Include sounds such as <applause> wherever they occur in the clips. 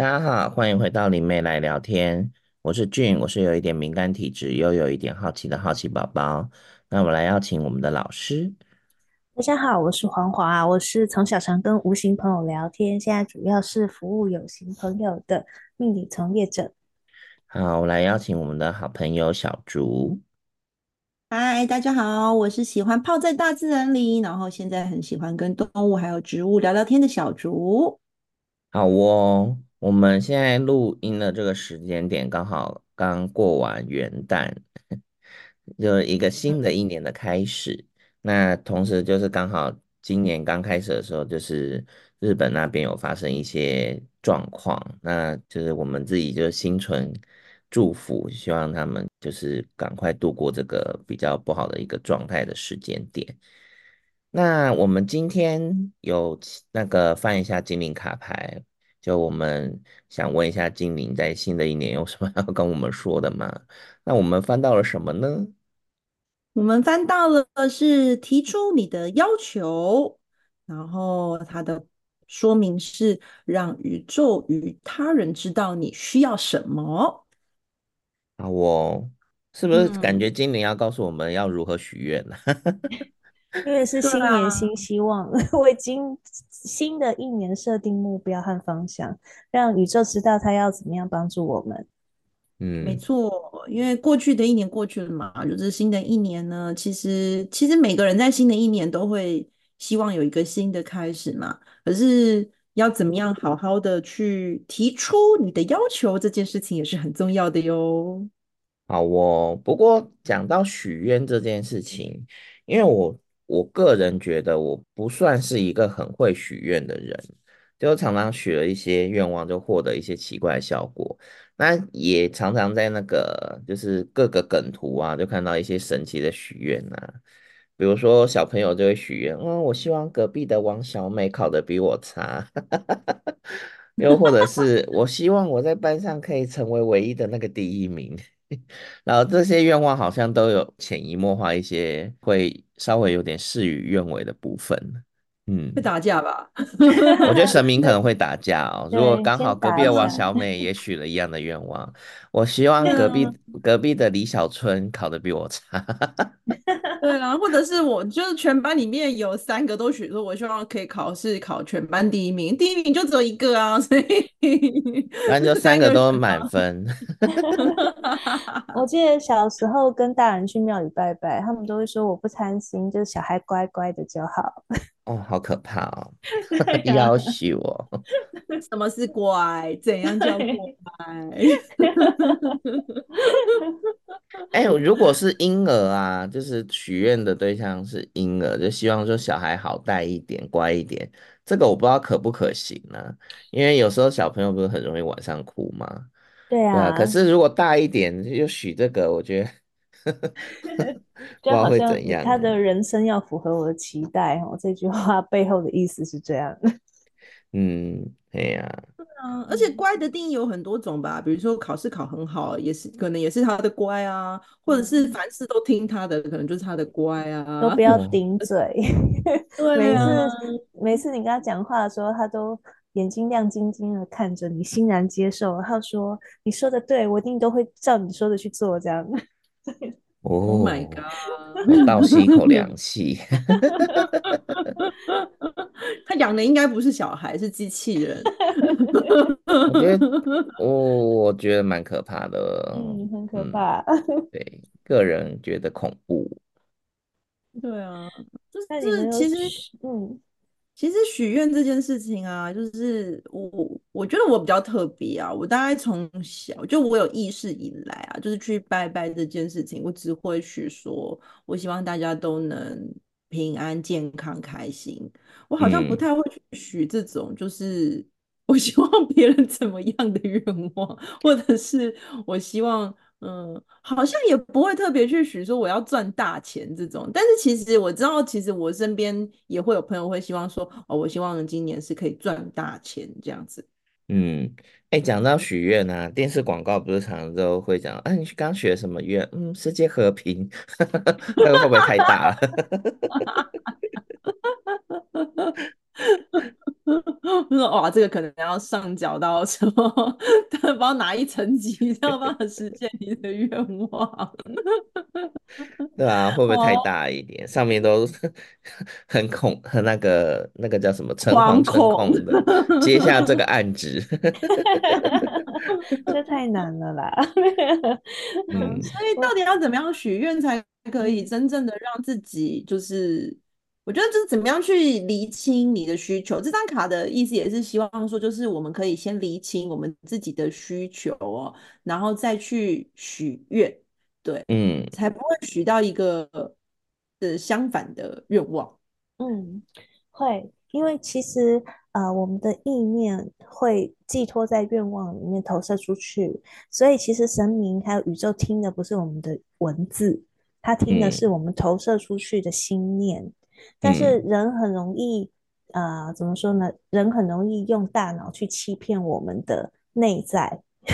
大家好，歡迎回到靈媒來聊天。我是 Gin，我是有一點敏感體質，又有一點好奇的好奇寶寶。那我們來邀請我們的老師。大家好，我是煌華，我是從小常跟無形朋友聊天，現在主要是服務有形朋友的命理從業者。好，我來邀請我們的好朋友曉築。嗨，大家好，我是喜歡泡在大自然裡，然後現在很喜歡跟動物還有植物聊聊天的曉築。好哦。我們現在錄音的這個時間點，剛好剛過完元旦，就是一個新的一年的開始。那同時就是剛好今年剛開始的時候，就是日本那邊有發生一些狀況，那就是我們自己就心存祝福，希望他們就是趕快度過這個比較不好的一個狀態的時間點。那我們今天有那個放一下精靈卡牌。就我們想問一下，精靈在新的一年有什麼要跟我們說的嗎？那我們翻到了什麼呢？我們翻到了是提出你的要求，然後它的說明是讓宇宙與他人知道你需要什麼。那、啊、我是不是感覺精靈要告訴我們要如何許願呢、嗯？因為是新年新希望，我 <laughs> 已對、啊、 <laughs> 經。新的一年設定目標和方向，讓宇宙知道它要怎麼樣幫助我們。嗯，沒錯，因為過去的一年過去了嘛，就是新的一年呢，其實其實每個人在新的一年都會希望有一個新的開始嘛。可是要怎麼樣好好的去提出你的要求，這件事情也是很重要的喲。好哦，我不過講到許願這件事情，因為我。我個人覺得，我不算是一個很會許願的人，就常常許了一些願望，就獲得一些奇怪效果。那也常常在那個就是各個梗圖啊，就看到一些神奇的許願啊，比如說小朋友就會許願，嗯，我希望隔壁的王小美考得比我差，又 <laughs> 或者是我希望我在班上可以成為唯一的那個第一名。 <laughs> 然後這些願望好像都有潛移默化，一些會稍微有點事與願違的部分。嗯，會打架吧？ <laughs> 我覺得神明可能會打架哦。如果剛好隔壁的王小美也許了一樣的願望， <laughs> 我希望隔壁、嗯、隔壁的李小春考得比我差。 <laughs> 對啊，或者是我就是全班裡面有三個都許說，我希望可以考試考全班第一名。第一名就只有一個啊，所以反正就三個都滿分。 <laughs> <laughs> 我記得小時候跟大人去廟裡拜拜，他們都會說我不貪心，就是小孩乖乖的就好。哦，好可怕哦！啊、要挾我？什麼是乖？怎樣叫乖？ <laughs> 哎，如果是嬰兒啊，就是許願的對象是嬰兒，就希望說小孩好帶一點，乖一點。這個我不知道可不可行呢、啊？因為有時候小朋友不是很容易晚上哭嗎？對啊。對啊，可是如果大一點，就許這個，我覺得。呵呵，就好像他的人生要符合我的期待哦，哦，這句話背後的意思是這樣。嗯，啊、對呀、啊。而且乖的定義有很多種吧，比如說考試考很好，也是可能也是他的乖啊；或者是凡事都聽他的，可能就是他的乖啊。都不要頂嘴。 <laughs> 對啊、 <laughs> 每次、啊、每次你跟他講話的時候，他都眼睛亮晶晶的看着你，欣然接受，他說：“你說的對，我一定都會照你說的去做。”這樣。哦、oh, oh，My God！ <laughs> 我倒吸一口涼氣， <laughs> <laughs> 他養的應該不是小孩，是機器人。 <laughs> 我覺得、哦、我覺得蠻可怕的，嗯、很可怕、嗯。對，個人覺得恐怖。對啊，就 <laughs> 是其實嗯。其實許願這件事情啊，就是我，我覺得我比較特別啊。我大概從小就我有意識以來啊，就是去拜拜這件事情，我只會許說，我希望大家都能平安、健康、開心。我好像不太會去許這種、嗯，就是我希望別人怎麼樣的願望，或者是我希望。嗯，好像也不會特別去許說我要賺大錢這種，但是其實我知道，其實我身邊也會有朋友會希望說，哦，我希望今年是可以賺大錢這樣子。嗯，哎、欸，講到許願呢，電視廣告不是常常都會講，哎、啊，你剛許什麼願？嗯，世界和平，這個會不會太大了？ <laughs> <laughs> 我說哇，這個可能要上繳到什麼，不知道哪一層級才有辦法實現你的願望， <laughs> 對吧、啊？會不會太大一點？Oh, 上面都很恐，很那個那個叫什麼“誠惶誠恐”的 <laughs> 接下，這個案子， <laughs> <laughs> 這太難了啦。 <laughs> 嗯，所以到底要怎麼樣許願才可以真正的讓自己就是？我覺得就是怎麼樣去釐清你的需求。這張卡的意思也是希望說，就是我們可以先釐清我們自己的需求哦，然後再去許願，對，嗯，才不會許到一個，呃，相反的願望。嗯，會，因為其實呃，我們的意念會寄託在願望裡面投射出去，所以其實神明還有宇宙聽的不是我們的文字，他聽的是我們投射出去的心念。嗯。但是人很容易、嗯，呃，怎麼說呢？人很容易用大腦去欺騙我們的內在， <laughs>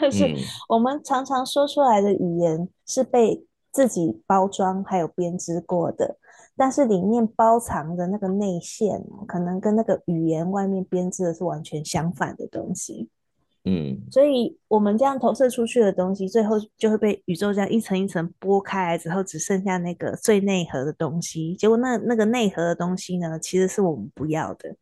就是我們常常說出來的語言是被自己包裝還有編織過的，但是裡面包藏的那個內餡，可能跟那個語言外面編織的是完全相反的東西。嗯，所以我們這樣投射出去的東西，最後就會被宇宙這樣一層一層剝開來之後，只剩下那個最內核的東西。結果那那個內核的東西呢，其實是我們不要的。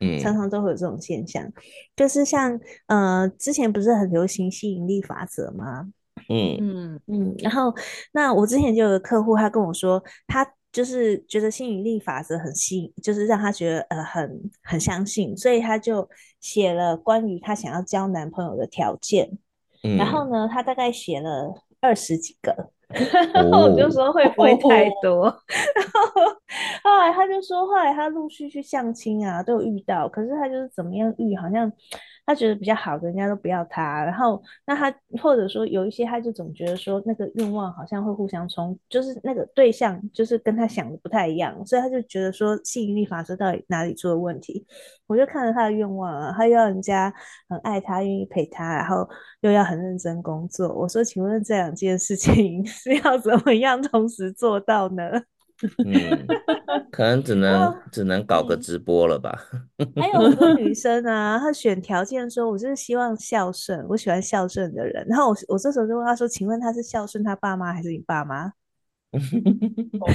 嗯，常常都會有這種現象，就是像呃，之前不是很流行吸引力法則嗎？嗯嗯嗯。然後那我之前就有個客戶，他跟我說，他。就是覺得吸引力法則很吸引，就是讓他覺得呃很很相信，所以他就寫了關於他想要交男朋友的條件，嗯。然後呢，他大概寫了二十幾個，然後、哦、 <laughs> 我就說會不會太多？哦、 <laughs> 然後，後來他就說，後來他陸續去相親啊，都有遇到，可是他就是怎麼樣遇，好像。他覺得比較好的人家都不要他，然後那他或者說有一些他就總覺得說那個願望好像會互相衝，就是那個對象就是跟他想的不太一樣，所以他就覺得說吸引力法則到底哪裡出了問題？我就看了他的願望啊，他又要人家很愛他，願意陪他，然後又要很認真工作。我說，請問這兩件事情是要怎麼樣同時做到呢？ <laughs> 嗯，可能只能只能搞個直播了吧。嗯、還有個女生啊， <laughs> 她選條件說，我就是希望孝順，我喜歡孝順的人。然後我我這時候就問她說，請問他是孝順他爸媽還是你爸媽？哦、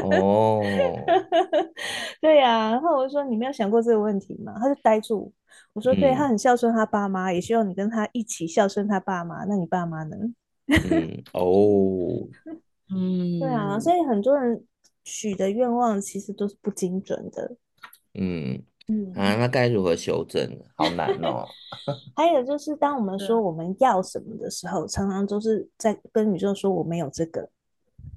<laughs> oh, <laughs> oh. <laughs> 對呀、啊。然後我就說你沒有想過這個問題嗎？他就呆住。我說對他、mm. 很孝順他爸媽，也希望你跟他一起孝順他爸媽。那你爸媽呢？哦、 <laughs> oh.。嗯，對啊，所以很多人許的願望其實都是不精準的。嗯嗯啊，那該如何修正？好難哦。 <laughs> 還有就是，當我們說我們要什麼的時候，常常都是在跟宇宙說我沒有這個。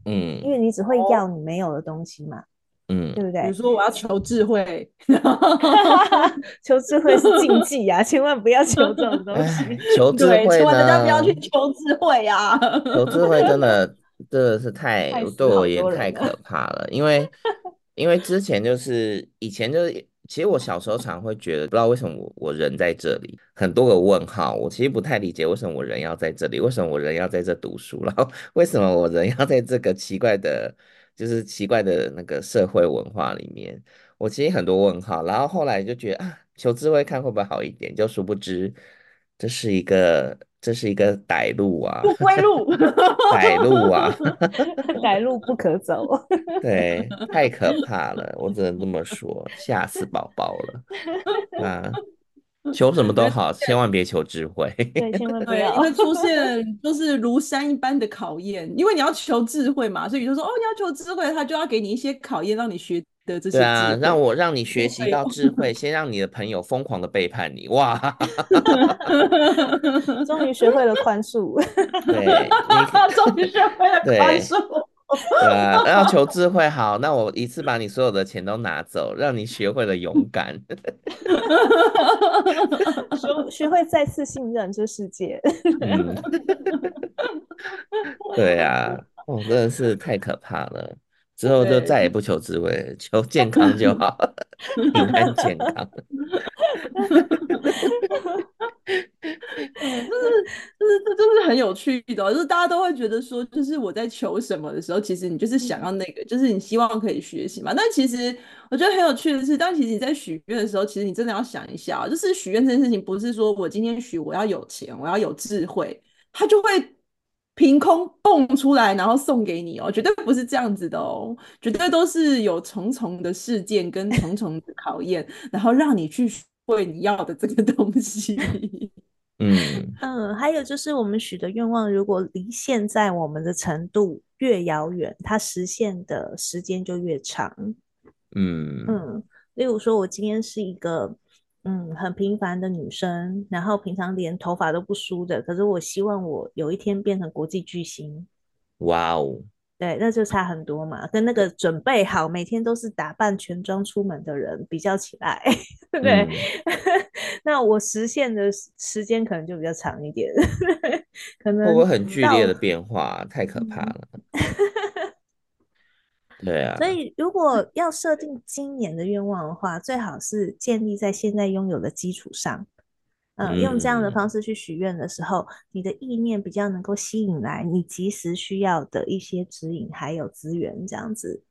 嗯，因為你只會要你沒有的東西嘛。哦、嗯，對不對？比如說我要求智慧， <laughs> <laughs> 求智慧是禁忌呀、啊，千萬不要求這種東西。求智慧呢？千萬大家不要去求智慧呀、啊。 <laughs> 求智慧真的，真的是太，太對我也太可怕了，因為，因為之前就是，以前就是，其實我小時候常會覺得，不知道為什麼我我人在這裡，很多個問號，我其實不太理解為什麼我人要在這裡，為什麼我人要在這讀書，然後為什麼我人要在這個奇怪的，就是奇怪的那個社會文化裡面，我其實很多問號，然後後來就覺得啊，求智慧看會不會好一點，就殊不知。這是一個，這是一個歹路啊，不歸路，歹路啊，歹路不可走。 <laughs> 對，太可怕了，我只能這麼說，嚇死寶寶了。啊，求什麼都好，千萬別求智慧。對， <laughs> 千萬不要 <laughs> 因為出現就是如山一般的考驗，因為你要求智慧嘛，所以就說哦，你要求智慧，他就要給你一些考驗，讓你學。對啊，讓我讓你學習到智慧， <laughs> 先讓你的朋友瘋狂的背叛你，哇！終 <laughs> 於 <laughs> 學會了寬恕， <laughs> 對，終於學會了寬恕。對啊，要求智慧好， <laughs> 那我一次把你所有的錢都拿走，讓你學會了勇敢，學 <laughs> 學會再次信任這世界。 <laughs> <laughs> 對呀、啊，我真的是太可怕了。之後就再也不求智慧，求健康就好， <laughs> 平安健康、 <laughs> <laughs> <laughs> 就是。就是就是這，就是很有趣的，哦，就是大家都會覺得說，就是我在求什麼的時候，其實你就是想要那個，就是你希望可以學習嘛。但其實我覺得很有趣的是，當其實你在許願的時候，其實你真的要想一下，啊，就是許願這件事情，不是說我今天許我要有錢，我要有智慧，它就會。憑空蹦出來，然後送給你哦，絕對不是這樣子的哦，絕對都是有重重的事件跟重重的考驗， <laughs> 然後讓你去學會你要的這個東西。嗯嗯，還有就是我們許的願望，如果離現在我們的程度越遙遠，它實現的時間就越長。嗯嗯，例如說我今天是一個。嗯，很平凡的女生，然後平常連頭髮都不梳的，可是我希望我有一天變成國際巨星。哇哦，對，那就差很多嘛，跟那個準備好每天都是打扮全妝出門的人比較起來，對、嗯、 <laughs> 那我實現的時間可能就比較長一點， <laughs> 可能我會很劇烈的變化？太可怕了。 <laughs> 對啊，所以如果要設定今年的願望的話，最好是建立在現在擁有的基礎上。呃，嗯，用這樣的方式去許願的時候，你的意念比較能夠吸引來你即時需要的一些指引還有資源，這樣子。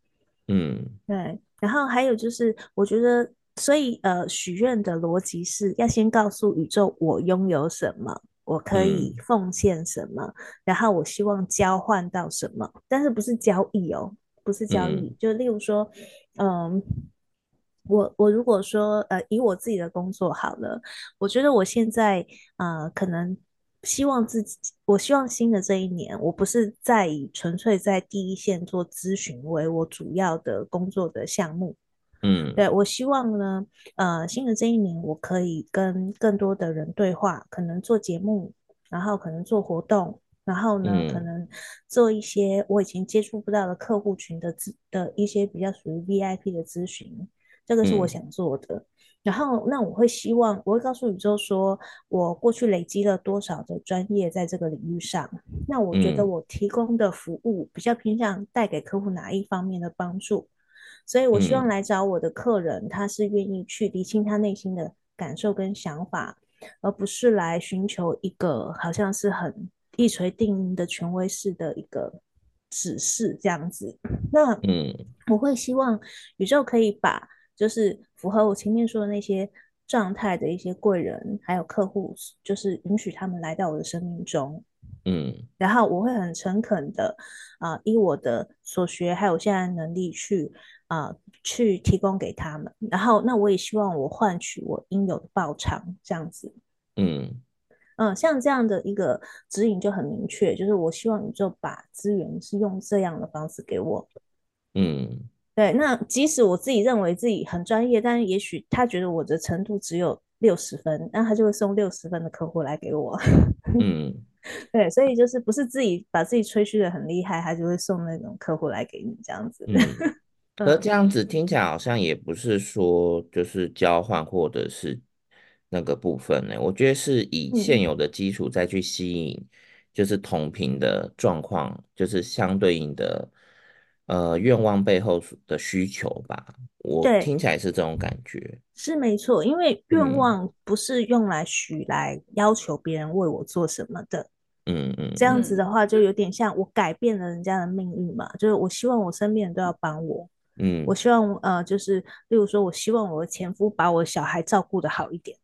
嗯，對。然後還有就是，我覺得，所以呃，許願的邏輯是要先告訴宇宙我擁有什麼，我可以奉獻什麼，嗯，然後我希望交換到什麼，但是不是交易哦。不是交易，嗯，就例如說，嗯，我我如果說呃，以我自己的工作好了，我覺得我現在啊，呃，可能希望自己，我希望新的這一年，我不是在以純粹在第一線做諮詢為我主要的工作的項目，嗯，對，我希望呢，呃，新的這一年我可以跟更多的人對話，可能做節目，然後可能做活動。然後呢，嗯，可能做一些我以前接觸不到的客戶群的的一些比較屬於 VIP 的諮詢，這個是我想做的。嗯，然後，那我會希望我會告訴宇宙說，我過去累積了多少的專業在這個領域上。那我覺得我提供的服務比較偏向帶給客戶哪一方面的幫助，所以我希望來找我的客人，嗯，他是願意去理清他內心的感受跟想法，而不是來尋求一個好像是很。一錘定音的權威式的一個指示，這樣子，那嗯，我會希望宇宙可以把就是符合我前面說的那些狀態的一些貴人，還有客戶，就是允許他們來到我的生命中，嗯，然後我會很誠懇的啊，以、呃、我的所學，還有現在能力去啊、呃，去提供給他們，然後那我也希望我換取我應有的報償，這樣子，嗯。嗯，像這樣的一個指引就很明確，就是我希望你就把資源是用這樣的方式給我。嗯，對。那即使我自己認為自己很專業，但是也許他覺得我的程度只有六十分，那他就會送六十分的客戶來給我。嗯， <laughs> 對。所以就是不是自己把自己吹噓的很厲害，他就會送那種客戶來給你這樣子、嗯。而這樣子聽起來好像也不是說就是交換或者是。那個部分呢、欸？我覺得是以現有的基礎再去吸引，就是同頻的狀況、嗯，就是相對應的呃願望背後的需求吧。對，我聽起來是這種感覺，是沒錯。因為願望不是用來許來要求別人為我做什麼的。嗯嗯，這樣子的話就有點像我改變了人家的命運嘛、嗯。就是我希望我身邊人都要幫我。嗯，我希望呃，就是例如說我希望我的前夫把我的小孩照顧得好一點。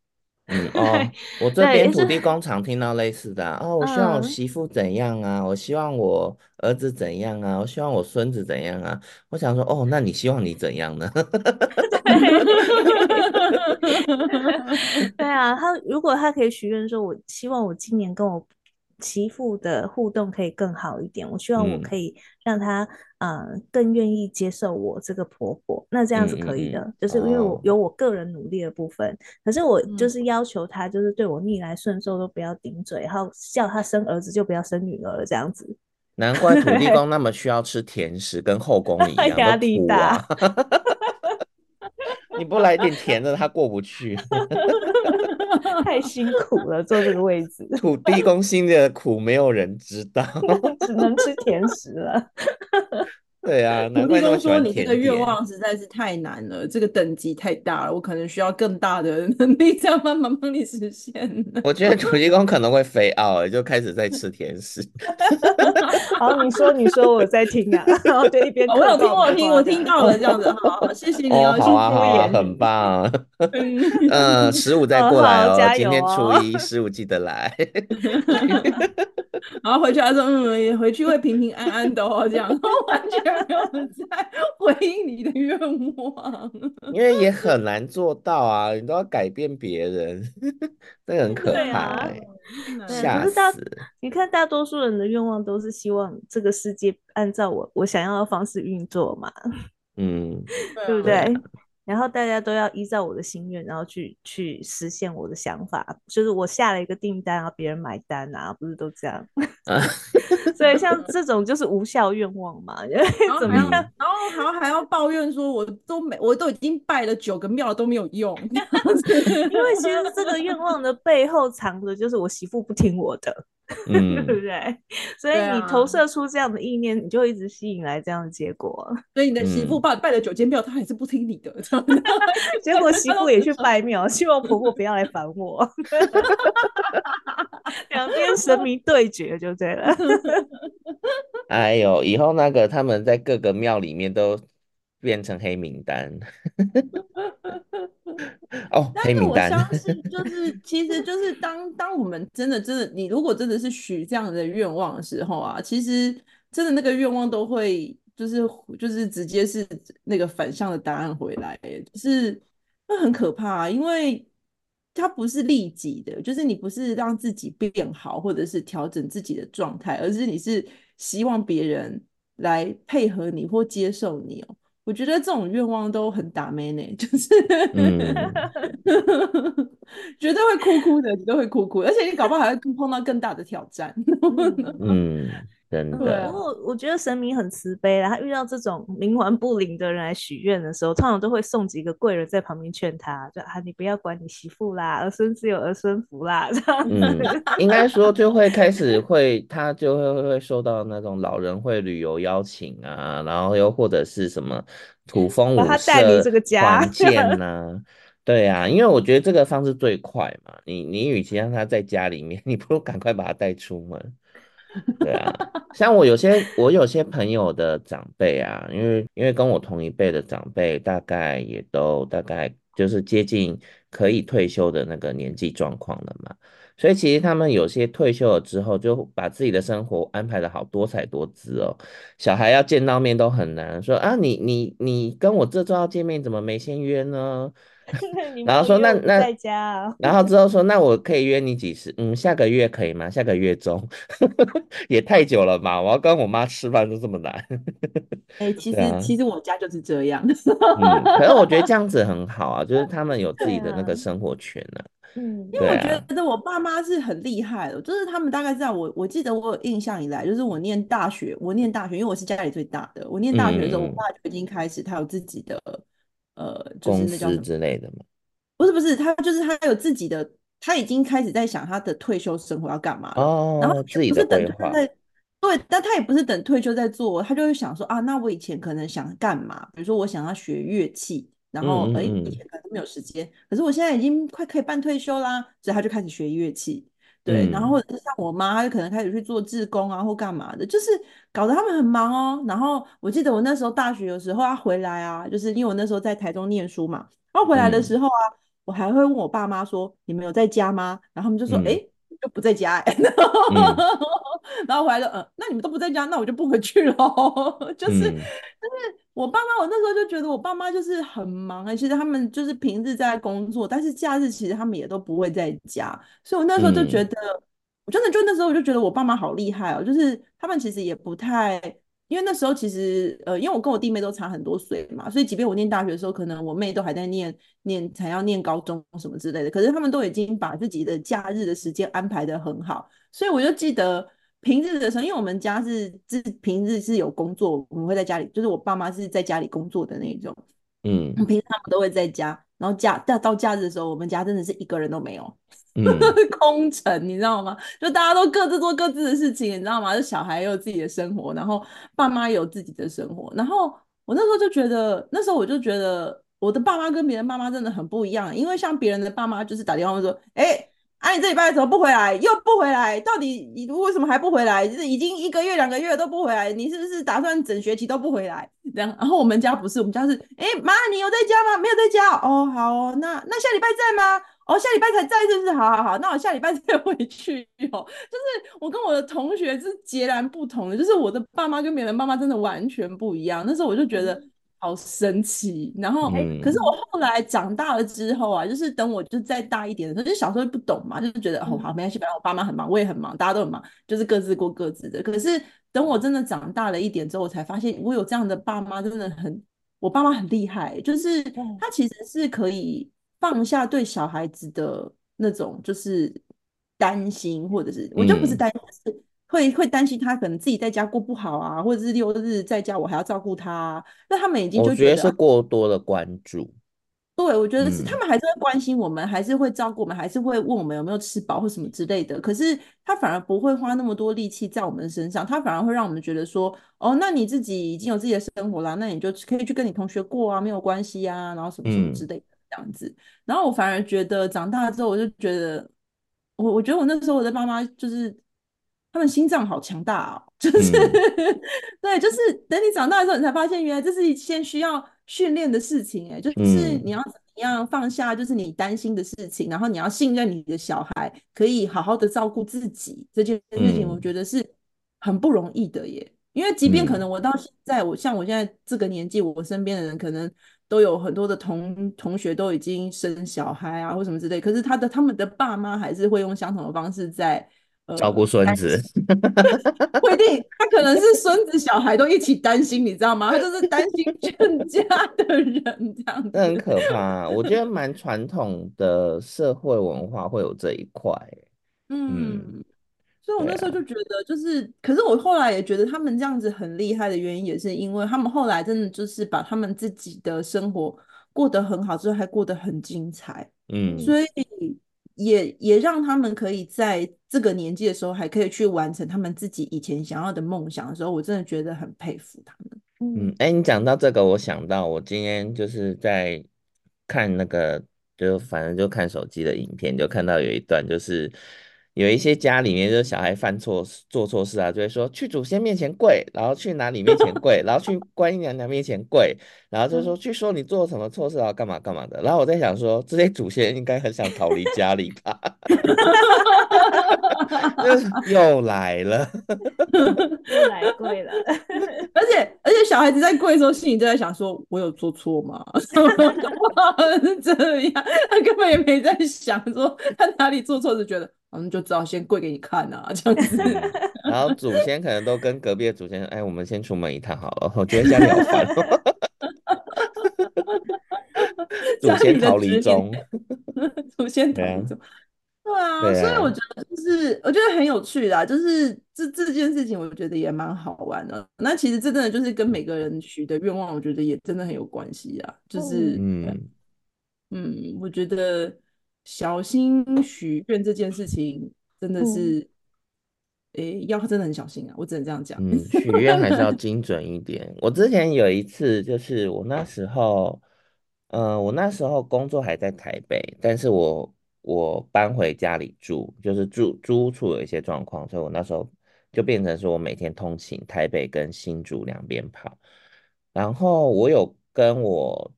<laughs> 嗯哦，我這邊土地工廠聽到類似的啊，哦、我希望我媳婦怎樣啊、嗯，我希望我兒子怎樣啊，我希望我孫子怎樣啊，我想說哦，那你希望你怎樣呢？ <laughs> 對， <laughs> <laughs> 對啊，他如果他可以許願說，我希望我今年跟我。媳婦的互動可以更好一點，我希望我可以讓他，嗯，呃、更願意接受我這個婆婆。那這樣是可以的，嗯，就是因為我，哦、有我個人努力的部分。可是我就是要求他，就是對我逆來順受都不要頂嘴，嗯，然後叫他生兒子就不要生女兒這樣子。難怪土地公那麼需要吃甜食，跟後宮一樣壓力大。 <laughs> 啊， <laughs> 你不來點甜的，他過不去。 <laughs> <laughs> 太辛苦了，坐這個位置，土地公心裡的苦沒有人知道， <laughs> <laughs> 只能吃甜食了。 <laughs> 對啊，難怪，土地公說，你這個願望實在是太難了，這個等級太大了，我可能需要更大的能力，這樣慢慢幫你實現。我覺得土地公可能會肥哦，就開始在吃甜食。 <laughs> 好，你說你說，我在聽啊，然後就一邊我有聽我聽，我聽到了，這樣子，好，謝謝你哦，好啊好啊，很棒。 <laughs> 嗯，十五再過來哦，哦 <laughs> 今天初一十五記得來。然 <laughs> 後回去他說，嗯，回去會平平安安的，哦。這樣完全。 <laughs> 我 <laughs> 在回應你的願望，因為也很難做到啊！ <laughs> 你都要改變別人，這 <laughs> 很可怕、欸，嚇、啊、死。對是 <laughs> 你看，大多數人的願望都是希望這個世界按照我 <laughs> 我想要的方式運作嘛，嗯， <laughs> 對不對，對、啊？然後大家都要依照我的心願，然後去去實現我的想法，就是我下了一個訂單啊，別人買單啊，不是都這樣？ <laughs> 所 <laughs> 以像這種就是無效願望嘛，然後還要，怎麼樣？然後還還要抱怨說，我都沒，我都已經拜了九個廟都沒有用， <laughs> <laughs> 因為其實這個願望的背後藏着就是我媳婦不聽我的、嗯，對不對？所以你投射出這樣的意念，啊、你就一直吸引來這樣的結果。所以你的媳婦拜拜了九間廟，她、嗯、還是不聽你的， <laughs> 結果媳婦也去拜廟， <laughs> 希望婆婆不要來煩我。 <laughs> 兩 <laughs> 邊神明對決，就對了。 <laughs> 哎呦，以後那個他們在各個廟裡面都變成黑名單。 <laughs> 哦，黑名單。但是我相信，就是 <laughs> 其實就是當當我們真的真的，你如果真的是許這樣的願望的時候啊，其實真的那個願望都會就是就是直接是那個反向的答案回來，就是那很可怕啊，因為。它不是利己的，就是你不是讓自己變好，或者是調整自己的狀態，而是你是希望別人來配合你或接受你哦。我覺得這種願望都很打咩呢就是、嗯。 <laughs> 絕對會哭哭的，你都會哭哭，而且你搞不好還會碰到更大的挑戰。 <laughs> 嗯，真的。不過我覺得神明很慈悲啦，他遇到這種冥頑不靈的人來許願的時候，通常都會送幾個貴人在旁邊勸他，就啊，你不要管你媳婦啦，兒孫自有兒孫福啦。嗯，應該說就會開始會，他就會會受到那種老人會旅遊邀請啊，然後又或者是什麼土風舞社團建吶、啊。 <laughs> 對啊，因為我覺得這個方式最快嘛。你你與其讓他在家裡面，你不如趕快把他帶出門。對啊，像我有些我有些朋友的長輩啊，因為因為跟我同一輩的長輩，大概也都大概就是接近可以退休的那個年紀狀況了嘛。所以其實他們有些退休了之後，就把自己的生活安排得好多彩多姿哦。小孩要見到面都很難，說啊你你你跟我這周要見面，怎麼沒先約呢？ <laughs> 然後說、 <laughs> 啊、那那，然後之後說那我可以約你幾時？嗯，下個月可以嗎？下個月中， <laughs> 也太久了吧？我要跟我媽吃飯都這麼難。哎、 <laughs> 欸，其實、啊、其實我家就是這樣。嗯， <laughs> 可是我覺得這樣子很好啊，就是他們有自己的那個生活圈呢、啊。嗯、啊啊，因為我覺得我爸媽是很厲害的，就是他們大概知道我我記得我有印象以來，就是我念大學，我念大學，因為我是家裡最大的，我念大學的時候，我爸就已經開始他有自己的。嗯呃，工資之類的嘛，不是不是，他就是他有自己的，他已經開始在想他的退休生活要幹嘛了。Oh, 哦，然後自己的規劃，對，但他也不是等退休在做，他就是想說啊，那我以前可能想幹嘛，比如說我想要學樂器，然後哎、嗯嗯欸、以前可能沒有時間，可是我現在已經快可以辦退休啦，所以他就開始學樂器。對，然後或者是像我媽，她就可能開始去做志工啊，或幹嘛的，就是搞得他們很忙哦。然後我記得我那時候大學有時候要回來啊，就是因為我那時候在台中念書嘛。然後回來的時候啊，嗯、我還會問我爸媽說：“你們有在家嗎？”然後他們就說：“誒、嗯，就不在家、欸。然”嗯、 <laughs> 然後回來的，嗯、呃，那你們都不在家，那我就不回去嘍、就是嗯。就是，就是。我爸媽，我那時候就覺得我爸媽就是很忙欸，其實他們就是平日在工作，但是假日其實他們也都不會在家，所以我那時候就覺得，我真的就那時候我就覺得我爸媽好厲害哦，就是他們其實也不太，因為那時候其實呃，因為我跟我弟妹都差很多歲嘛，所以即便我念大學的時候，可能我妹都還在念念才要念高中什麼之類的，可是他們都已經把自己的假日的時間安排得很好，所以我就記得。平日的時候，因為我們家是自平日是有工作，我們會在家裡，就是我爸媽是在家裡工作的那一種，嗯，平常都會在家，然後假到到假日的時候，我們家真的是一個人都沒有，嗯、 <laughs> 空城，你知道嗎？就大家都各自做各自的事情，你知道嗎？就小孩有自己的生活，然後爸媽有自己的生活，然後我那時候就覺得，那時候我就覺得我的爸媽跟別人媽媽真的很不一樣，因為像別人的爸媽就是打電話說，哎、欸。哎、啊，你這禮拜怎麼不回來？又不回來？到底你為什麼還不回來？就是已經一個月、兩個月都不回來？你是不是打算整學期都不回來？然後我們家不是，我們家是，誒媽，你有在家嗎？沒有在家哦。好哦，那那下禮拜在嗎？哦，下禮拜才在，是不是？好好好，那我下禮拜再回去哦。就是我跟我的同學是截然不同的，就是我的爸媽跟別人的爸媽真的完全不一樣。那時候我就覺得。嗯好神奇，然後、嗯、可是我後來長大了之後啊，就是等我就再大一點的時候，就是、小時候不懂嘛，就是覺得、嗯、哦好沒關係，本來我爸媽很忙，我也很忙，大家都很忙，就是各自過各自的。可是等我真的長大了一點之後，我才發現我有這樣的爸媽真的很，我爸媽很厲害，就是他其實是可以放下對小孩子的那種就是擔心，嗯、或者是我就不是擔心。嗯會會擔心他可能自己在家過不好啊，或者是六日在家我還要照顧他，啊，那他們已經就覺得、啊、我覺得是過多的關注。對，我覺得是他們還是會關心我們，嗯，還是會照顧我們，還是會問我們有沒有吃飽或什麼之類的。可是他反而不會花那麼多力氣在我們身上，他反而會讓我們覺得說，哦，那你自己已經有自己的生活了，那你就可以去跟你同學過啊，沒有關係啊，然後什麼什麼之類的這樣子。嗯、然後我反而覺得長大之後，我就覺得我我覺得我那時候我的媽媽就是。他們心臟好強大哦，就是、嗯、 <laughs> 對，就是等你長大的時候，你才發現原來這是一件需要訓練的事情。哎，就是你要怎麼樣放下，就是你擔心的事情、嗯，然後你要信任你的小孩可以好好的照顧自己這件事情，我覺得是很不容易的耶、嗯。因為即便可能我到現在，我像我現在這個年紀，我身邊的人可能都有很多的同同學都已經生小孩啊或什麼之類，可是他的他們的爸媽還是會用相同的方式在。照顧孫子、呃，不一 <laughs> <laughs> 定，他可能是孫子小孩都一起擔心， <laughs> 你知道嗎？他就是擔心全家的人這樣子， <laughs> 那很可怕。我覺得蠻傳統的社會文化會有這一塊、嗯。嗯，所以我那時候就覺得，就是、啊，可是我後來也覺得他們這樣子很厲害的原因，也是因為他們後來真的就是把他們自己的生活過得很好，之後還過得很精彩。嗯，所以。也也讓他們可以在這個年紀的時候，還可以去完成他們自己以前想要的夢想的時候，我真的覺得很佩服他們。嗯，哎、欸，你講到這個，我想到我今天就是在看那個，就反正就看手機的影片，就看到有一段就是。有一些家裡面，就是小孩犯錯做錯事啊，就會說去祖先面前跪，然後去哪裡面前跪，然後去觀音娘娘面前跪，然後就說去說你做什麼錯事啊，幹嘛幹嘛的。然後我在想說，這些祖先應該很想逃離家裡吧。 <laughs> <laughs> <laughs> 又來了， <laughs> 又來跪貴了 <laughs> <laughs> 而且而且小孩子在跪的時候心裡就在想說：“我有做錯嗎？”這樣，他根本也沒在想說他哪裡做錯，就覺得我們就只好先跪給你看啊，這樣子 <laughs> 然後祖先可能都跟隔壁的祖先：“哎，我們先出門一趟好了，我覺得家裡好煩。”祖先逃離中 <laughs> 祖先逃離中。 <laughs> 逃 <laughs> 對啊，對啊，所以我覺得就是，啊、我覺得很有趣的、啊，就是這這件事情，我覺得也蠻好玩的。那其實真的就是跟每個人許的願望，我覺得也真的很有關係啊。就是，嗯嗯，我覺得小心許願這件事情真的是、嗯，誒，要真的很小心啊。我只能這樣講，嗯， <laughs> 許願還是要精準一點。我之前有一次，就是我那時候，呃，我那時候工作還在台北，但是我。我搬回家裡住，就是住租處有一些狀況，所以我那時候就變成說我每天通勤台北跟新竹兩邊跑。然後我有跟我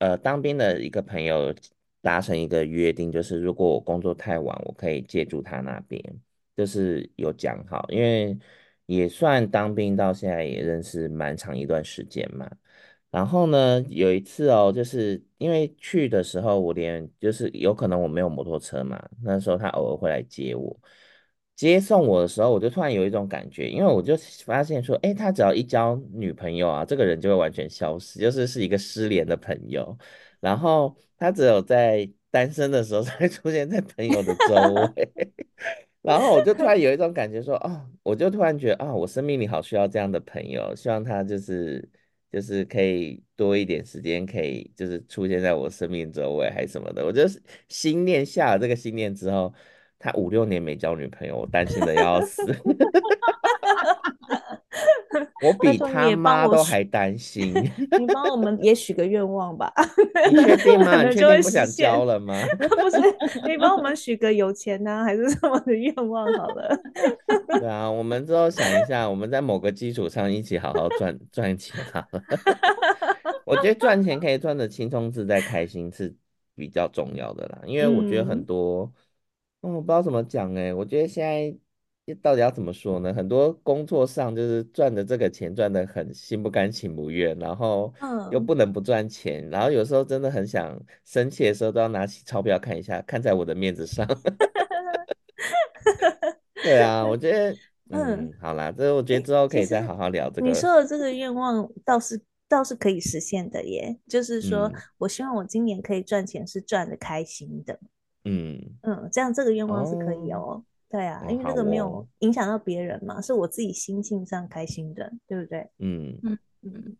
呃當兵的一個朋友達成一個約定，就是如果我工作太晚，我可以借住他那邊，就是有講好，因為也算當兵到現在也認識蠻長一段時間嘛。然後呢，有一次哦，就是因為去的時候，我連就是有可能我沒有摩托車嘛。那時候他偶爾會來接我，接送我的時候，我就突然有一種感覺，因為我就發現說，誒，他只要一交女朋友啊，這個人就會完全消失，就是是一個失聯的朋友。然後他只有在單身的時候才出現在朋友的周圍。 <laughs> <laughs> 然後我就突然有一種感覺說，哦，我就突然覺得啊、哦，我生命裡好需要這樣的朋友，希望他就是。就是可以多一點時間，可以就是出現在我生命周圍，還是什麼的。我就是心念下了這個心念之後，他五六年沒交女朋友，我擔心的要死。 <laughs> 我比他媽都還擔心， <laughs> 心。你幫我們也許個願望吧。 <laughs> 你確定嗎？就你確定不想交了嗎？ <laughs> 不是，你幫我們許個有錢吶、啊，還是什麼的願望好了。 <laughs> 對啊，我們之後想一下，我們在某個基礎上一起好好賺賺 <laughs> 錢啊好。 <laughs> 我覺得賺錢可以賺得輕鬆自在、開心是比較重要的啦，因為我覺得很多，嗯嗯、我不知道怎麼講哎、欸，我覺得現在。到底要怎麼說呢？很多工作上就是賺的這個錢賺得很心不甘情不願，然後又不能不賺錢、嗯，然後有時候真的很想生氣的時候，都要拿起鈔票看一下，看在我的面子上。哈哈哈哈哈。對啊，我覺得嗯，嗯，好啦，這我覺得之後可以再好好聊這個。欸、你說的這個願望倒是倒是可以實現的耶，就是說、嗯、我希望我今年可以賺錢是賺得開心的。嗯嗯，這樣這個願望是可以哦。哦對啊，因為這個沒有影響到別人嘛，嗯哦，是我自己心情上開心的，對不對？嗯嗯嗯，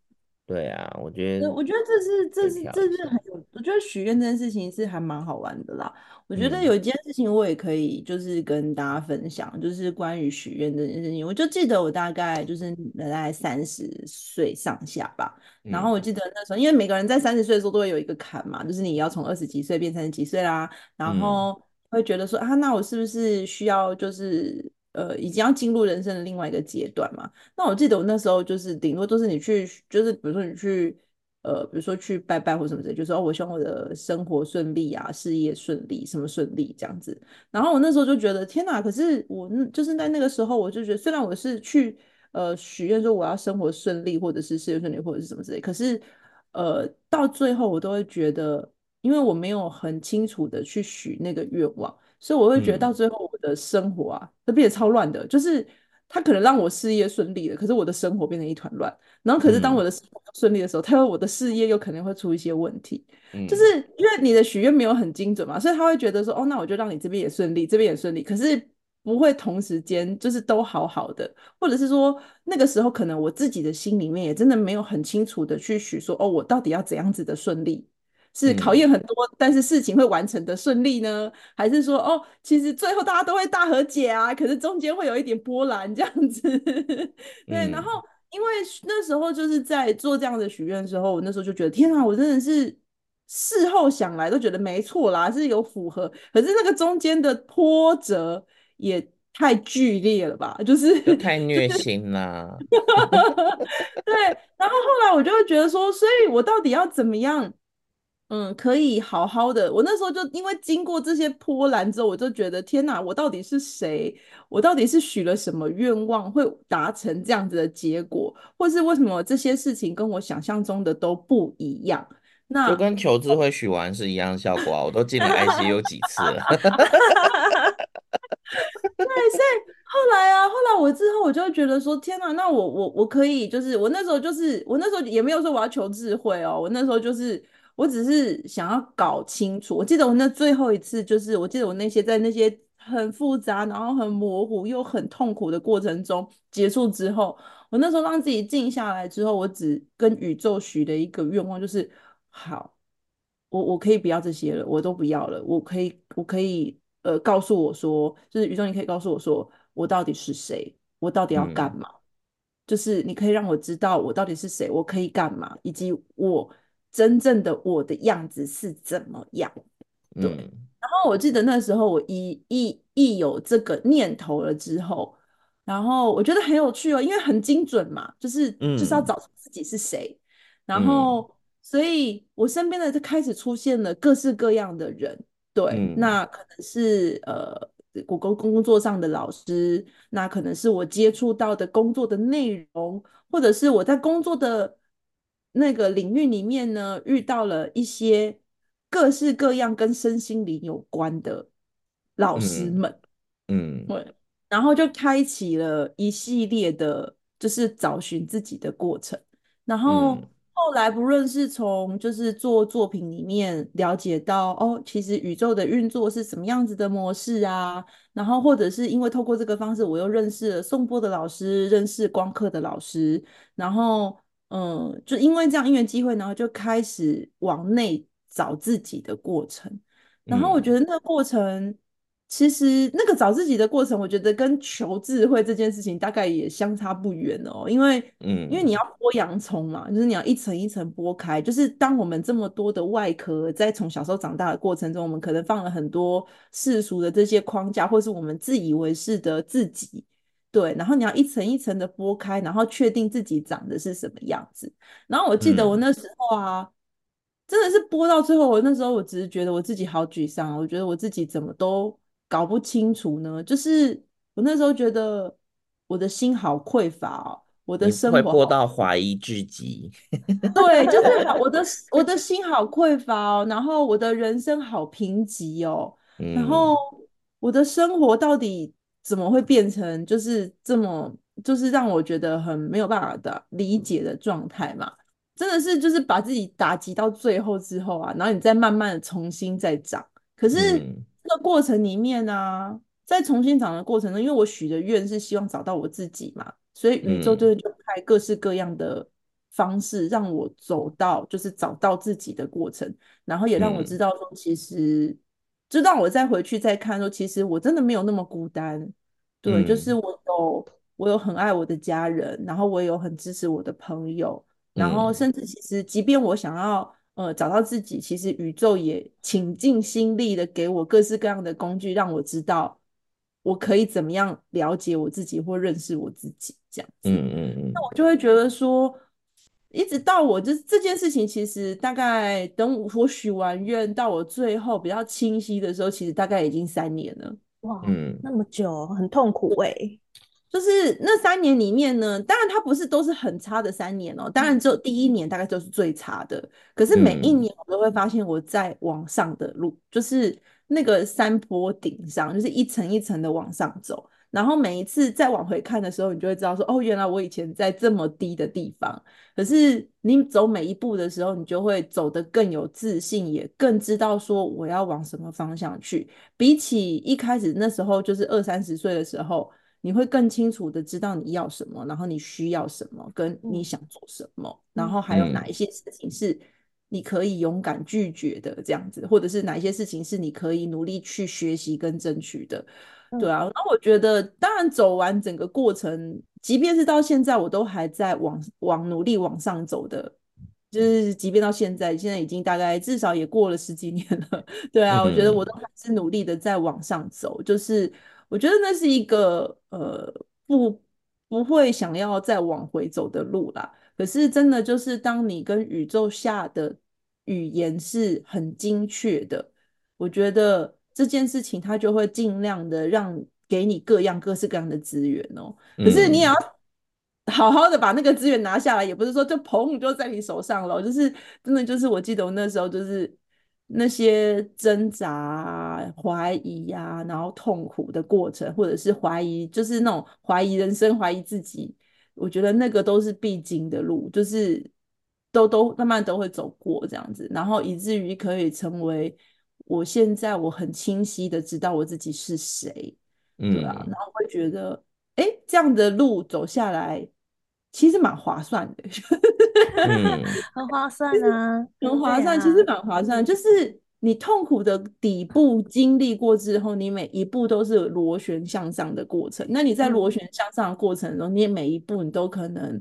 對啊，我覺得，我覺得這是這是這是很有，我覺得許願這件事情是還蠻好玩的啦。我覺得有一件事情我也可以就是跟大家分享，嗯，就是關於許願這件事情。我就記得我大概就是大概三十歲上下吧，嗯，然後我記得那時候，因為每個人在三十歲的時候都會有一個坎嘛，就是你要從二十幾歲變三十幾歲啦，然後，嗯。會覺得說啊，那我是不是需要就是呃，已經要進入人生的另外一個階段嘛？那我記得我那時候就是頂多都是你去，就是比如說你去呃，比如說去拜拜或什麼之類，就是說我希望我的生活順利啊，事業順利，什麼順利這樣子。然後我那時候就覺得天哪！可是我就是在那個時候，我就覺得雖然我是去呃許願說我要生活順利，或者是事業順利，或者是什麼之類，可是呃到最後我都會覺得。因為我沒有很清楚的去許那個願望，所以我會覺得到最後我的生活啊，它、嗯、這邊也超亂的。就是他可能讓我事業順利了，可是我的生活變成一團亂。然後，可是當我的生活順利的時候，他、嗯、說我的事業又可能會出一些問題、嗯。就是因為你的許願沒有很精準嘛，所以他會覺得說，哦，那我就讓你這邊也順利，這邊也順利，可是不會同時間就是都好好的，或者是說那個時候可能我自己的心裡面也真的沒有很清楚的去許說，哦，我到底要怎樣子的順利。是考驗很多、嗯，但是事情會完成的順利呢，還是說哦，其實最後大家都會大和解啊？可是中間會有一點波瀾這樣子、嗯，對。然後因為那時候就是在做這樣的許願的時候，我那時候就覺得天啊，我真的是事後想來都覺得沒錯啦，是有符合。可是那個中間的波折也太劇烈了吧，就是就太虐心啦。就是、 <laughs> 對。然後後來我就會覺得說，所以我到底要怎麼樣？嗯，可以好好的。我那時候就因為經過這些波瀾之後，我就覺得天哪，我到底是誰？我到底是許了什麼願望會達成這樣子的結果，或是為什麼這些事情跟我想象中的都不一樣？那就跟求智慧許完是一樣的效果啊！ <laughs> 我都進了 ICU 有幾次了。對，所以後來啊，後來我之後我就覺得說，天哪，那我我我可以，就是我那時候就是我那時候也沒有說我要求智慧哦，我那時候就是。我只是想要搞清楚。我記得我那最後一次，就是我記得我那些在那些很複雜、然後很模糊又很痛苦的過程中結束之後，我那時候讓自己靜下來之後，我只跟宇宙許的一個願望就是：好，我我可以不要這些了，我都不要了。我可以，我可以，呃，告訴我說，就是宇宙，你可以告訴我說，我到底是誰？我到底要幹嘛？嗯。就是你可以讓我知道我到底是誰，我可以幹嘛，以及我。真正的我的樣子是怎麼樣？對、嗯。然後我記得那時候我一一一有這個念頭了之後，然後我覺得很有趣哦，因為很精準嘛，就是、嗯、就是要找出自己是誰。然後、嗯，所以我身邊的就開始出現了各式各樣的人。對，嗯、那可能是呃，我工工作上的老師，那可能是我接觸到的工作的內容，或者是我在工作的。那個領域裡面呢，遇到了一些各式各樣跟身心靈有關的老師們，嗯，嗯對，然後就開啟了一系列的，就是找尋自己的過程。然後後來，不論是從就是做作品裡面了解到，嗯、哦，其實宇宙的運作是什麼樣子的模式啊，然後或者是因為透過這個方式，我又認識了宋波的老師，認識光課的老師，然後。嗯，就因為這樣，因緣機會，然後就開始往內找自己的過程。然後我覺得那個過程，嗯、其實那個找自己的過程，我覺得跟求智慧這件事情大概也相差不遠哦。因為，嗯，因為你要剝洋蔥嘛，就是你要一層一層剝開。就是當我們這麼多的外殼，在從小時候長大的過程中，我們可能放了很多世俗的這些框架，或是我們自以為是的自己。對，然後你要一層一層的剝開，然後確定自己長的是什麼樣子。然後我記得我那時候啊，嗯、真的是剝到最後，我那時候我只是覺得我自己好沮喪，我覺得我自己怎麼都搞不清楚呢。就是我那時候覺得我的心好匱乏哦，我的生活剝到懷疑至極， <laughs> 對，就是、啊、我的我的心好匱乏哦，然後我的人生好貧瘠哦，嗯、然後我的生活到底。怎麼會變成就是這麼就是讓我覺得很沒有辦法的理解的狀態嘛？真的是就是把自己打擊到最後之後啊，然後你再慢慢的重新再長。可是這個過程裡面啊，在重新長的過程中，因為我許的願是希望找到我自己嘛，所以宇宙就是用各式各樣的方式讓我走到就是找到自己的過程，然後也讓我知道說其實。知道我再回去再看，說其實我真的沒有那麼孤單，對，嗯、就是我有我有很愛我的家人，然後我有很支持我的朋友，然後甚至其實即便我想要呃找到自己，其實宇宙也傾盡心力的給我各式各樣的工具，讓我知道我可以怎麼樣了解我自己或認識我自己這樣子。嗯嗯，那我就會覺得說。一直到我就是這件事情，其實大概等我許完願，到我最後比較清晰的時候，其實大概已經三年了。哇，嗯，那麼久，很痛苦喂、欸，就是那三年裡面呢，當然它不是都是很差的三年哦、喔。當然，只有第一年大概就是最差的，可是每一年我都會發現我在往上的路，嗯、就是那個山坡頂上，就是一層一層的往上走。然後每一次再往回看的時候，你就會知道說，哦，原來我以前在這麼低的地方。可是你走每一步的時候，你就會走得更有自信，也更知道說我要往什麼方向去。比起一開始那時候，就是二三十歲的時候，你會更清楚地知道你要什麼，然後你需要什麼，跟你想做什麼，嗯，然後還有哪一些事情是你可以勇敢拒絕的，這樣子，或者是哪一些事情是你可以努力去學習跟爭取的。對啊，那我覺得，當然走完整個過程，即便是到現在，我都還在往往努力往上走的。就是即便到現在，現在已經大概至少也過了十幾年了。對啊，我覺得我都還是努力的在往上走。就是我覺得那是一個呃，不不會想要再往回走的路啦。可是真的就是，當你跟宇宙下的語言是很精確的，我覺得。這件事情，他就會盡量的讓給你各樣各式各樣的資源哦。可是你也要好好的把那個資源拿下來，也不是說就砰你就在你手上了。就是真的，就是我記得我那時候就是那些掙扎、啊、懷疑呀、啊，然後痛苦的過程，或者是懷疑，就是那種懷疑人生、懷疑自己。我覺得那個都是必經的路，就是都都慢慢都會走過這樣子，然後以至於可以成為。我現在我很清晰的知道我自己是誰、嗯，對、啊、然後會覺得，哎、欸，這樣的路走下來，其實蠻划算的，很划算啊， <laughs> 很划算，啊、其實蠻划算。就是你痛苦的底部經歷過之後，你每一步都是螺旋向上的過程。那你在螺旋向上的過程中，嗯、你每一步你都可能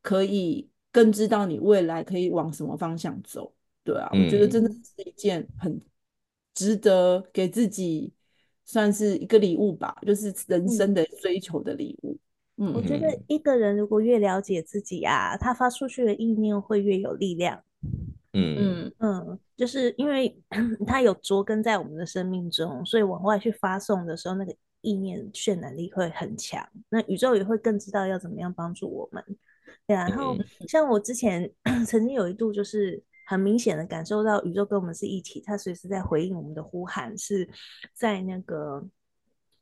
可以更知道你未來可以往什麼方向走，對啊。嗯、我覺得真的是一件很。值得給自己算是一個禮物吧，就是人生的追求的禮物嗯。嗯，我覺得一個人如果越了解自己啊，他發出去的意念會越有力量。嗯嗯嗯，就是因為他有着根在我們的生命中，所以往外去發送的時候，那個意念渲染力會很強。那宇宙也會更知道要怎麼樣幫助我們。對啊嗯、然後，像我之前曾經有一度就是。很明顯的感受到宇宙跟我們是一體，它隨時在回應我們的呼喊。是在那個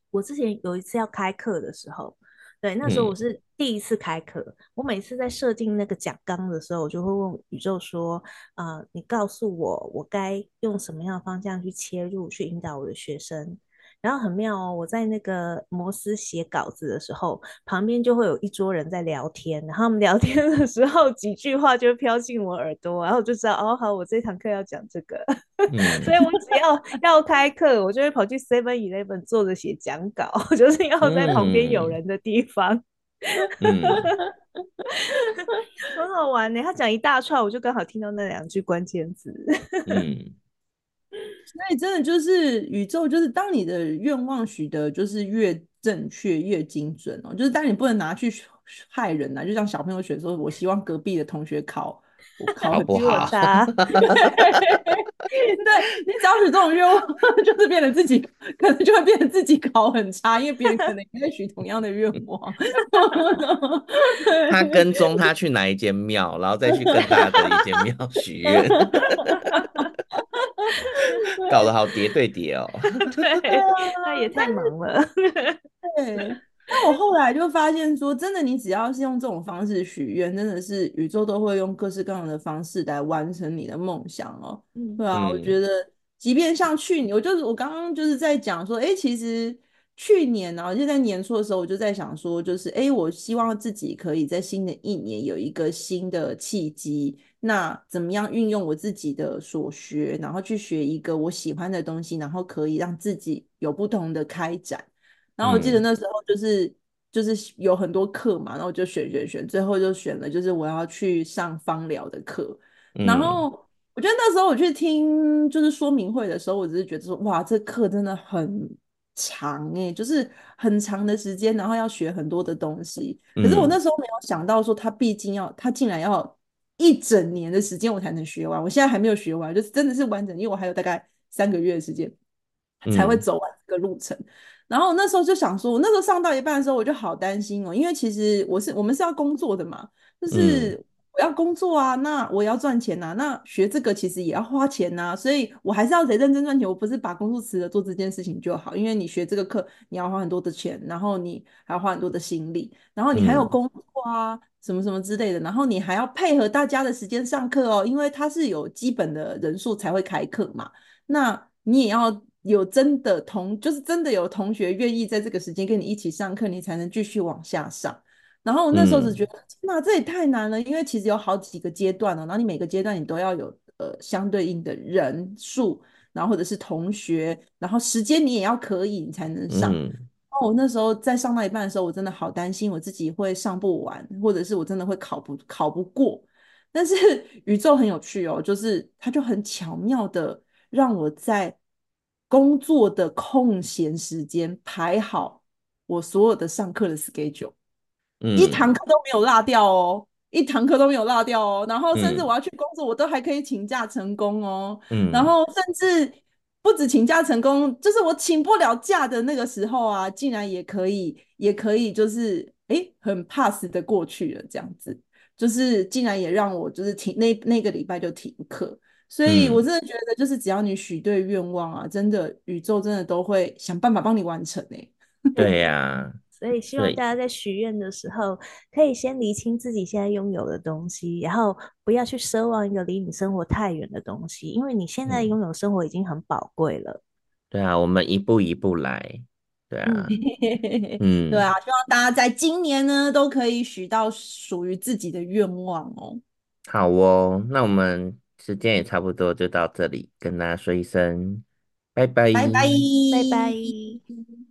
我之前有一次要開課的時候，對，那時候我是第一次開課，嗯，我每次在設定那個講綱的時候，我就會問宇宙說：“啊、呃，你告訴我，我該用什麼樣的方向去切入，去引導我的學生。”然後很妙哦，我在那個摩斯寫稿子的時候，旁邊就會有一桌人在聊天，然後我們聊天的時候，幾句話就飄進我耳朵，然後我就知道哦，好，我這堂課要講這個，嗯、 <laughs> 所以我只要要開課，我就會跑去 Seven Eleven 坐着寫講稿，就是要在旁邊有人的地方，嗯、 <laughs> 很好玩呢。他講一大串，我就剛好聽到那兩句關鍵字。嗯所以真的就是宇宙，就是當你的願望許的，就是越正確越精準哦。就是，當你不能拿去害人吶、啊。就像小朋友許說：“我希望隔壁的同學考我考很好不好，差。 <laughs> 對”對，你只要許這種願望，就是變得自己，可能就會變得自己考很差，因為別人可能也許同樣的願望。 <laughs> 他跟蹤他去哪一間廟，然後再去更大的一間廟許願。 <laughs> <laughs> 搞得好疊對疊哦 <laughs> 對！對，那也太忙了。 <laughs> 對，那我後來就發現說，真的，你只要是用這種方式許願，真的是宇宙都會用各式各樣的方式來完成你的夢想哦。對啊，我覺得，即便像去年，我就是我剛剛就是在講說，哎、欸，其實去年呢、啊，就在年初的時候，我就在想說，就是哎、欸，我希望自己可以在新的一年有一個新的契機。那怎麼樣運用我自己的所學，然後去學一個我喜歡的東西，然後可以讓自己有不同的開展。然後我記得那時候就是、嗯、就是有很多課嘛，然後我就選，選選選，最後就選了就是我要去上芳療的課。然後我覺得那時候我去聽就是說明會的時候，我只是覺得說哇，這課真的很長哎、欸，就是很長的時間，然後要學很多的東西。可是我那時候沒有想到說，他畢竟要他竟然要。一整年的時間我才能學完，我現在還沒有學完，就是真的是完整，因為我還有大概三個月的時間才會走完這個路程、嗯。然後那時候就想說，我那時候上到一半的時候我就好擔心哦、喔，因為其實我是我們是要工作的嘛，就是我要工作啊，那我要賺錢吶、啊，那學這個其實也要花錢吶、啊，所以我還是要得認真賺錢，我不是把工作辭了做這件事情就好，因為你學這個課你要花很多的錢，然後你還要花很多的心力，然後你還有工作啊。嗯什麼什麼之類的，然後你還要配合大家的時間上課哦，因為它是有基本的人數才會開課嘛。那你也要有真的同，就是真的有同學願意在這個時間跟你一起上課，你才能繼續往下上。然後我那時候只覺得，嗯、那這也太難了，因為其實有好幾個階段哦，然後你每個階段你都要有呃相對應的人數，然後或者是同學，然後時間你也要可以，你才能上。嗯我那時候在上到一半的時候，我真的好擔心我自己會上不完，或者是我真的會考不考不過。但是宇宙很有趣哦，就是它就很巧妙的讓我在工作的空閒時間排好我所有的上課的 schedule，嗯，一堂課都沒有落掉哦，一堂課都沒有落掉哦。然後甚至我要去工作，我都還可以請假成功哦，嗯，然後甚至。不只請假成功，就是我請不了假的那個時候啊，竟然也可以，也可以，就是哎、欸，很 pass 的過去了，這樣子，就是竟然也讓我就是停那那個禮拜就停課，所以我真的覺得，就是只要你許對願望啊，嗯、真的宇宙真的都會想辦法幫你完成呢、欸。 <laughs> 對呀、啊。所以希望大家在許願的時候，可以先理清自己現在擁有的東西，然後不要去奢望一個離你生活太遠的東西，因為你現在擁有生活已經很寶貴了。嗯、對啊，我們一步一步來。對啊， <laughs> 嗯， <laughs> 對啊，希望大家在今年呢都可以許到屬於自己的願望哦。好哦，那我們時間也差不多，就到這裡跟大家說一聲，拜拜，拜拜。拜拜